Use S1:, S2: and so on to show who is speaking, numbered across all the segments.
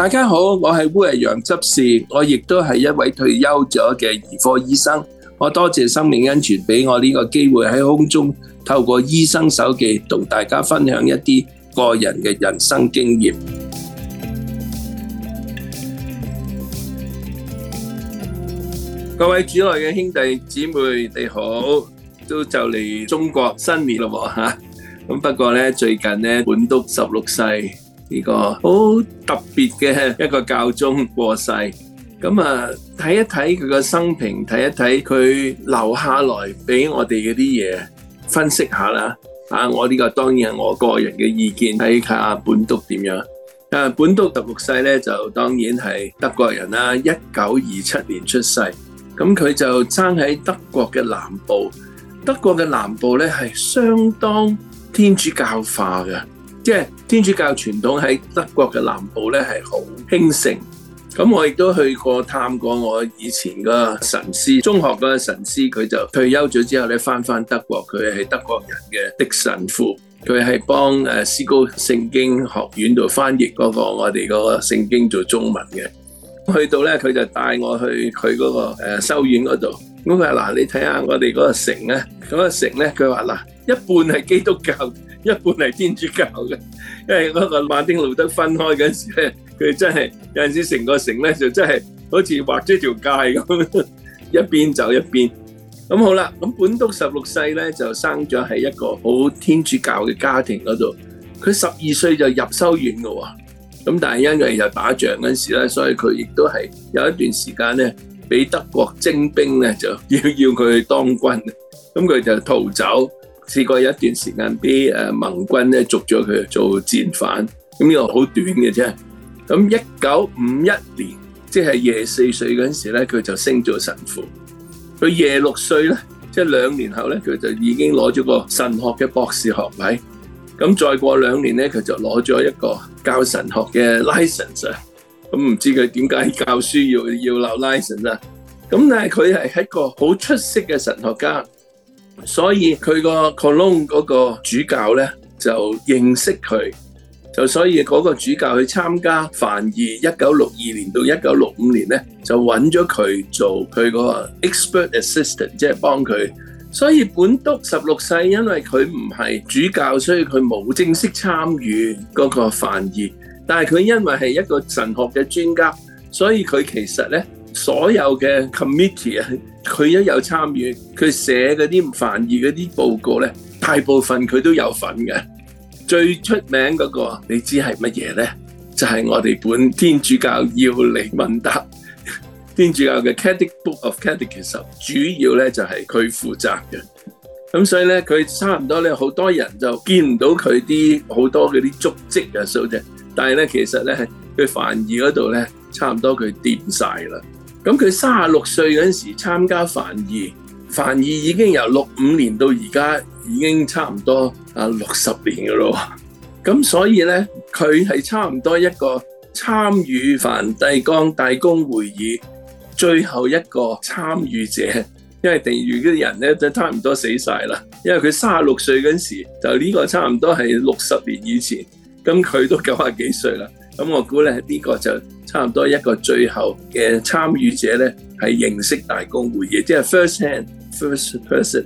S1: 大家好，我係烏日陽執事，我亦都係一位退休咗嘅兒科醫生。我多謝生命恩泉俾我呢個機會喺空中透過醫生手記同大家分享一啲個人嘅人生經驗。各位主內嘅兄弟姊妹你好，都就嚟中國新年啦喎吓，咁不過呢最近呢本篤十六世。呢個好特別嘅一個教宗過世，咁啊，睇一睇佢個生平，睇一睇佢留下來俾我哋嗰啲嘢，分析下啦。啊，我呢個當然係我個人嘅意見，睇下本篤點樣。啊，本篤十六世咧就當然係德國人啦，一九二七年出世，咁佢就生喺德國嘅南部。德國嘅南部咧係相當天主教化嘅。即係天主教傳統喺德國嘅南部咧係好興盛，咁我亦都去過探過我以前嘅神師，中學嘅神師佢就退休咗之後咧返返德國，佢係德國人嘅的神父，佢係幫誒思高聖經學院度翻譯嗰、那個我哋個聖經做中文嘅。去到咧佢就帶我去佢嗰個修院嗰度，咁佢話嗱你睇下我哋嗰個城咧、啊，嗰、那個城咧佢話嗱。一半係基督教，一半係天主教嘅，因為嗰個馬丁路德分開嗰陣時咧，佢真係有陣時成個城咧就真係好似劃咗一條街咁，一邊走一邊。咁好啦，咁本篤十六世咧就生咗喺一個好天主教嘅家庭嗰度，佢十二歲就入修院嘅喎。咁但係因為又打仗嗰陣時咧，所以佢亦都係有一段時間咧，俾德國徵兵咧就要要佢去當軍，咁佢就逃走。試過有一段時間啲誒盟軍咧捉咗佢做戰犯，咁呢個好短嘅啫。咁一九五一年，即係廿四歲嗰陣時咧，佢就升咗神父。佢廿六歲咧，即係兩年後咧，佢就已經攞咗個神學嘅博士學位。咁再過兩年咧，佢就攞咗一個教神學嘅 licence。咁唔知佢點解教書要要攞 licence 啊？咁但係佢係一個好出色嘅神學家。所以佢個 colon 嗰個主教咧就認識佢，就所以嗰個主教去參加梵二一九六二年到一九六五年咧就揾咗佢做佢個 expert assistant，即係幫佢。所以本篤十六世因為佢唔係主教，所以佢冇正式參與嗰個梵二，但係佢因為係一個神學嘅專家，所以佢其實咧。所有嘅 committee 啊，佢一有參與，佢寫嗰啲梵二嗰啲報告咧，大部分佢都有份嘅。最出名嗰、那個，你知係乜嘢咧？就係、是、我哋本天主教要嚟問答，天主教嘅 Catechism of Catechism 主要咧就係佢負責嘅。咁所以咧，佢差唔多咧，好多人就見唔到佢啲好多嗰啲足跡啊，數啫，但係咧，其實咧，佢梵二嗰度咧，差唔多佢掂晒啦。咁佢三十六歲嗰陣時參加梵二，梵二已經由六五年到而家已經差唔多啊六十年嘅咯。咁所以咧，佢係差唔多一個參與梵蒂岡大公會議最後一個參與者，因為定義啲人咧都差唔多死晒啦。因為佢三十六歲嗰陣時就呢個差唔多係六十年以前，咁佢都九十幾歲啦。咁我估咧呢、呢個就差唔多一個最後嘅參與者咧，係認識大公會議，即係 first hand first person。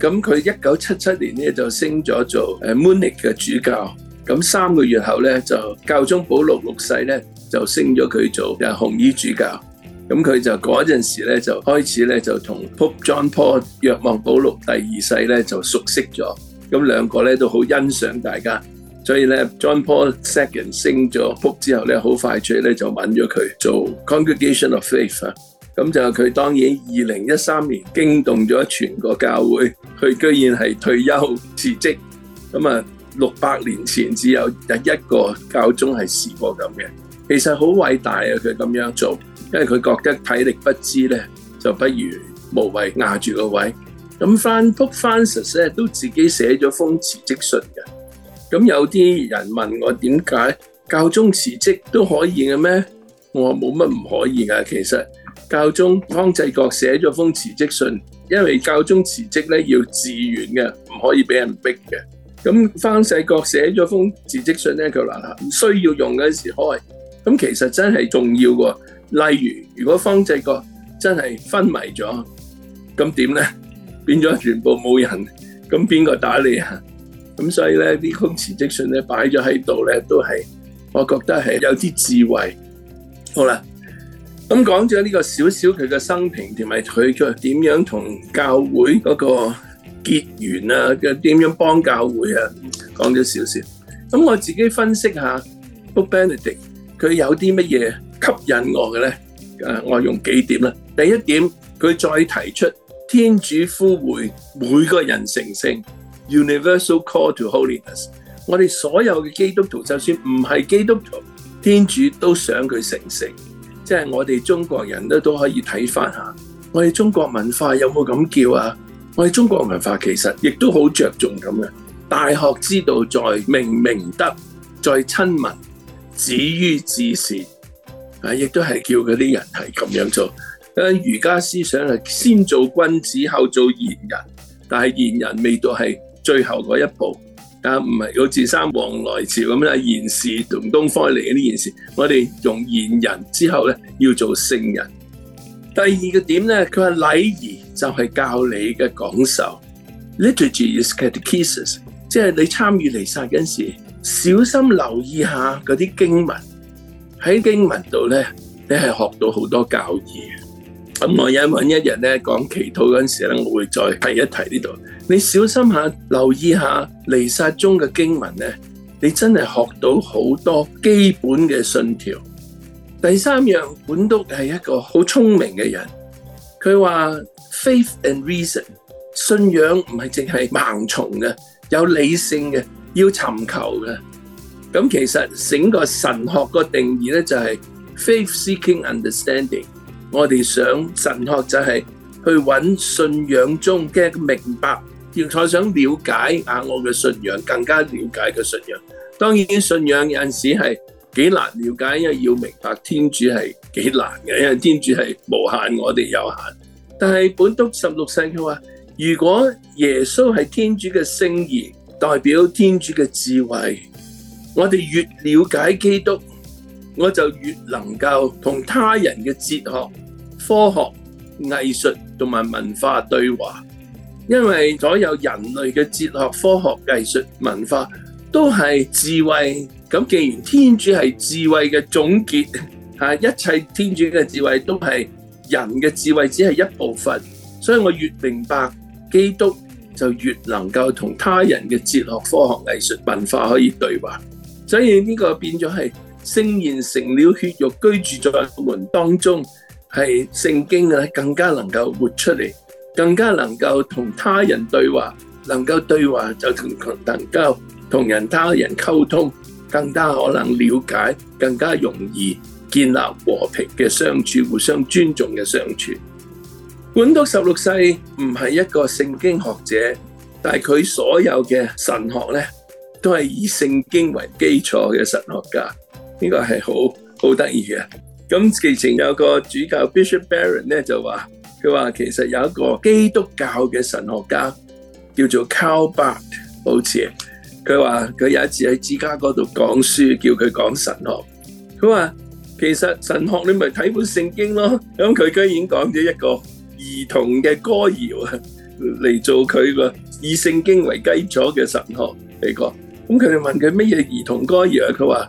S1: 咁佢一九七七年咧就升咗做誒 Munich 嘅主教，咁三個月後咧就教宗保祿六世咧就升咗佢做紅衣主教。咁佢就嗰陣時咧就開始咧就同 Pope John Paul 約望保祿第二世咧就熟悉咗，咁兩個咧都好欣賞大家。所以咧，John Paul II 升咗 Pope 之後咧，好快脆咧就揾咗佢做 Congregation of Faith 啊，咁就佢當然二零一三年驚動咗全個教會，佢居然係退休辭職，咁啊六百年前只有第一個教宗係試過咁嘅，其實好偉大啊！佢咁樣做，因為佢覺得體力不支咧，就不如無謂壓住個位。咁返 Pope Francis 咧都自己寫咗封辭職信嘅。咁有啲人問我點解教宗辭職都可以嘅咩？我冇乜唔可以噶。其實教宗方濟各寫咗封辭職信，因為教宗辭職咧要自願嘅，唔可以俾人逼嘅。咁方濟各寫咗封辭職信咧，佢話需要用嘅時開。咁其實真係重要噶。例如如果方濟各真係昏迷咗，咁點咧？變咗全部冇人，咁邊個打理啊？咁所以咧，呢個辭職信咧，擺咗喺度咧，都係我覺得係有啲智慧。好啦，咁講咗呢個少少佢嘅生平，同埋佢嘅點樣同教會嗰個結緣啊，佢點樣幫教會啊，講咗少少。咁我自己分析下，Book Benedict o b 佢有啲乜嘢吸引我嘅咧？誒，我用幾點咧？第一點，佢再提出天主呼會每個人成聖。Universal call to holiness，我哋所有嘅基督徒，就算唔係基督徒，天主都想佢成聖，即係我哋中國人咧都可以睇翻吓，我哋中國文化有冇咁叫啊？我哋中國文化其實亦都好着重咁嘅。大學之道，在明明德，在親民，止於至善。啊，亦都係叫嗰啲人係咁樣做。咁、啊、儒家思想係先做君子，後做賢人，但係賢人未到係。最後嗰一步，但唔係好似三王來朝咁樣，賢士同東方嚟嘅呢件事，我哋用賢人之後咧，要做聖人。第二個點咧，佢話禮儀就係教你嘅講授，liturgy is catechesis，即係你參與彌撒嗰陣時，小心留意一下嗰啲經文，喺經文度咧，你係學到好多教義。咁我有一日咧講祈禱嗰陣時咧，我會再提一提呢度。你小心一下，留意一下彌撒中嘅經文咧，你真係學到好多基本嘅信條。第三樣，本篤係一個好聰明嘅人，佢話 faith and reason，信仰唔係淨係盲從嘅，有理性嘅，要尋求嘅。咁其實整個神學個定義咧就係、是、faith seeking understanding。我哋想神學就係去揾信仰中嘅明白，再想了解啊我嘅信仰更加了解嘅信仰。當然信仰有陣時係幾難了解，因為要明白天主係幾難嘅，因為天主係無限，我哋有限。但係本篤十六世嘅話，如果耶穌係天主嘅聖言，代表天主嘅智慧，我哋越了解基督，我就越能夠同他人嘅哲學科學、藝術同埋文化對話，因為所有人類嘅哲學、科學、藝術、文化都係智慧。咁既然天主係智慧嘅總結，吓一切天主嘅智慧都係人嘅智慧只係一部分，所以我越明白基督，就越能夠同他人嘅哲學、科學、藝術、文化可以對話。所以呢個變咗係聖言成了血肉，居住在我們當中。係聖經咧，更加能夠活出嚟，更加能夠同他人對話，能夠對話就同能夠同人他人溝通，更加可能了解，更加容易建立和平嘅相處，互相尊重嘅相處。本篤十六世唔係一個聖經學者，但係佢所有嘅神學咧，都係以聖經為基礎嘅神學家，呢個係好好得意嘅。咁之前有個主教 Bishop Barron 咧就話，佢話其實有一個基督教嘅神學家叫做 Karl Barth 好似，佢話佢有一次喺芝加哥度講書，叫佢講神學，佢話其實神學你咪睇本聖經咯。咁佢居然講咗一個兒童嘅歌謠啊，嚟做佢個以聖經為基礎嘅神學嚟講，咁佢哋問佢乜嘢兒童歌謠？佢話。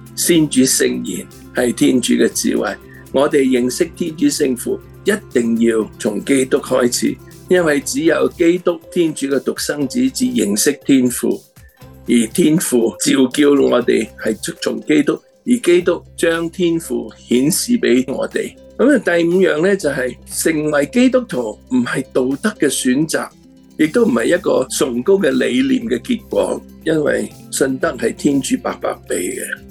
S1: 先主聖言係天主嘅智慧，我哋認識天主聖父一定要從基督開始，因為只有基督天主嘅獨生子，至認識天父，而天父召叫我哋係從基督，而基督將天父顯示俾我哋。咁啊，第五樣呢就係成為基督徒唔係道德嘅選擇，亦都唔係一個崇高嘅理念嘅結果，因為信德係天主白白俾嘅。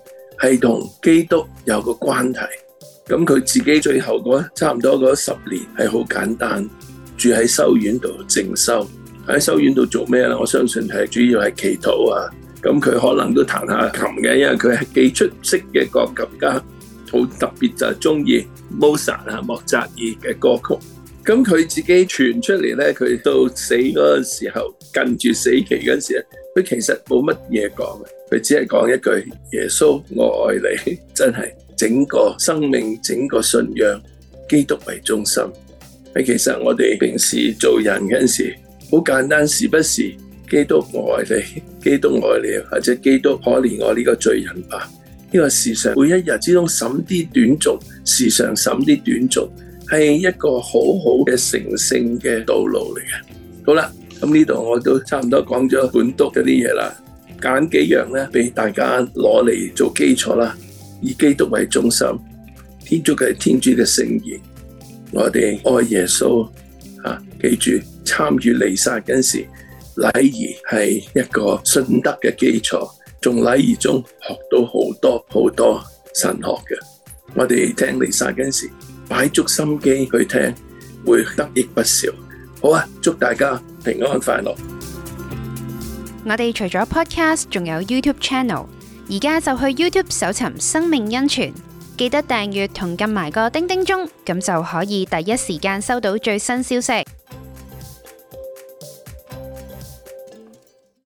S1: 係同基督有個關係，咁佢自己最後嗰差唔多嗰十年係好簡單，住喺修院度靜修，喺修院度做咩咧？我相信係主要係祈禱啊。咁佢可能都彈下琴嘅，因為佢係幾出色嘅鋼琴家，好特別就係中意莫扎啊莫扎爾嘅歌曲。咁佢自己傳出嚟咧，佢到死嗰時候，近住死期嗰時咧。佢其實冇乜嘢講，佢只係講一句：耶穌，我愛你，真係整個生命、整個信仰基督為中心。係其實我哋平時做人嗰陣時，好簡單，時不時基督愛你，基督愛你，或者基督可憐我呢個罪人吧。呢個時常每一日之中審啲短續，時常審啲短續，係一個好好嘅成聖嘅道路嚟嘅。好啦。咁呢度我都差唔多講咗本篤嗰啲嘢啦，揀幾樣呢俾大家攞嚟做基礎啦，以基督為中心，天主係天主嘅聖言，我哋愛耶穌嚇、啊，記住參與彌撒嗰陣時候，禮儀係一個信德嘅基礎，從禮儀中學到好多好多神學嘅，我哋聽彌撒嗰陣時擺足心機去聽，會得益不少。好啊，祝大家平安快樂。我哋除咗 Podcast，仲有 YouTube Channel，而家就去 YouTube 搜尋《生命恩泉》，記得訂閱同撳埋個叮叮鐘，咁就可以第一時間收到最新消息。